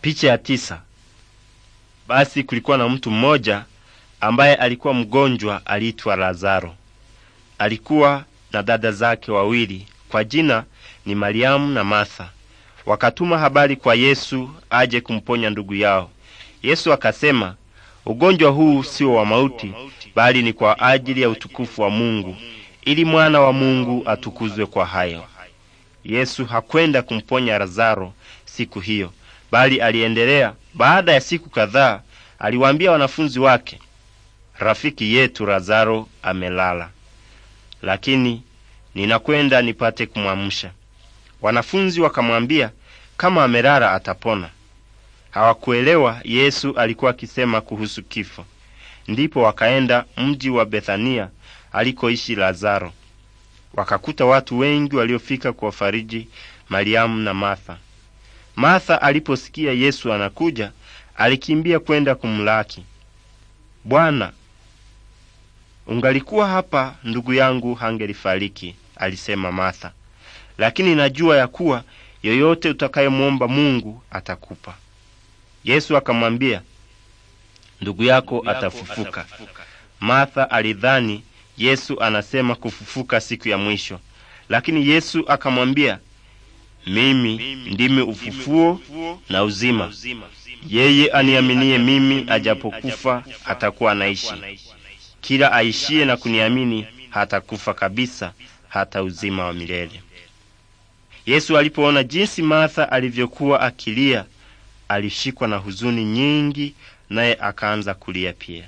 Picha ya tisa. Basi kulikuwa na mtu mmoja ambaye alikuwa mgonjwa, aliitwa Lazaro. Alikuwa na dada zake wawili, kwa jina ni Mariamu na Martha. Wakatuma habari kwa Yesu aje kumponya ndugu yao. Yesu akasema, ugonjwa huu sio wa mauti, bali ni kwa ajili ya utukufu wa Mungu, ili mwana wa Mungu atukuzwe kwa hayo. Yesu hakwenda kumponya Lazaro siku hiyo, bali aliendelea. Baada ya siku kadhaa, aliwaambia wanafunzi wake, rafiki yetu Lazaro amelala, lakini ninakwenda nipate kumwamsha. Wanafunzi wakamwambia, kama amelala atapona. Hawakuelewa Yesu alikuwa akisema kuhusu kifo. Ndipo wakaenda mji wa Bethania alikoishi Lazaro, wakakuta watu wengi waliofika kuwafariji Mariamu na Martha. Martha aliposikia Yesu anakuja, alikimbia kwenda kumlaki. Bwana, ungalikuwa hapa, ndugu yangu hangelifariki, alisema Martha, lakini najua ya kuwa yoyote utakayemwomba Mungu atakupa. Yesu akamwambia, ndugu yako atafufuka. Martha alidhani Yesu anasema kufufuka siku ya mwisho, lakini Yesu akamwambia, mimi ndimi ufufuo na uzima. Yeye aniaminiye mimi, ajapokufa atakuwa anaishi. Kila aishiye na kuniamini hatakufa kabisa, hata uzima wa milele. Yesu alipoona jinsi Martha alivyokuwa akilia, alishikwa na huzuni nyingi, naye akaanza kulia pia.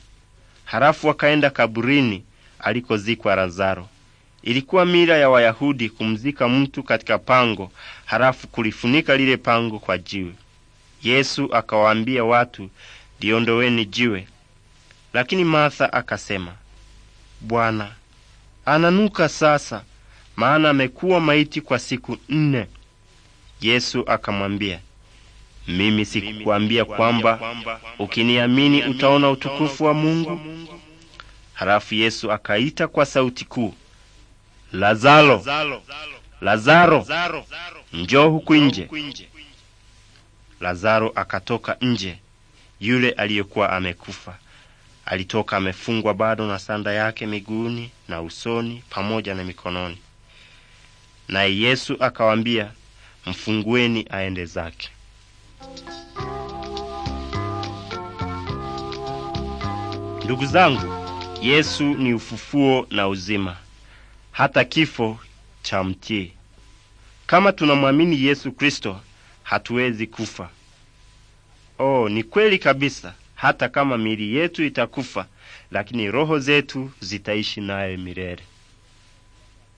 Halafu akaenda kaburini alikozikwa Lazaro. Ilikuwa mila ya Wayahudi kumzika mtu katika pango, halafu kulifunika lile pango kwa jiwe. Yesu akawaambia watu, liondoweni jiwe. Lakini Martha akasema, Bwana, ananuka sasa, maana amekuwa maiti kwa siku nne. Yesu akamwambia, mimi sikukuambia kwamba ukiniamini utaona utukufu wa Mungu? Halafu Yesu akaita kwa sauti kuu, Lazaro, Lazaro, njoo huku nje. Lazaro akatoka nje. Yule aliyekuwa amekufa alitoka amefungwa bado na sanda yake miguuni na usoni pamoja na mikononi. Naye Yesu akawaambia, mfungueni aende zake. Ndugu zangu, Yesu ni ufufuo na uzima hata kifo cha mtie. Kama tunamwamini Yesu Kristo, hatuwezi kufa. Oh, ni kweli kabisa, hata kama miili yetu itakufa, lakini roho zetu zitaishi naye milele.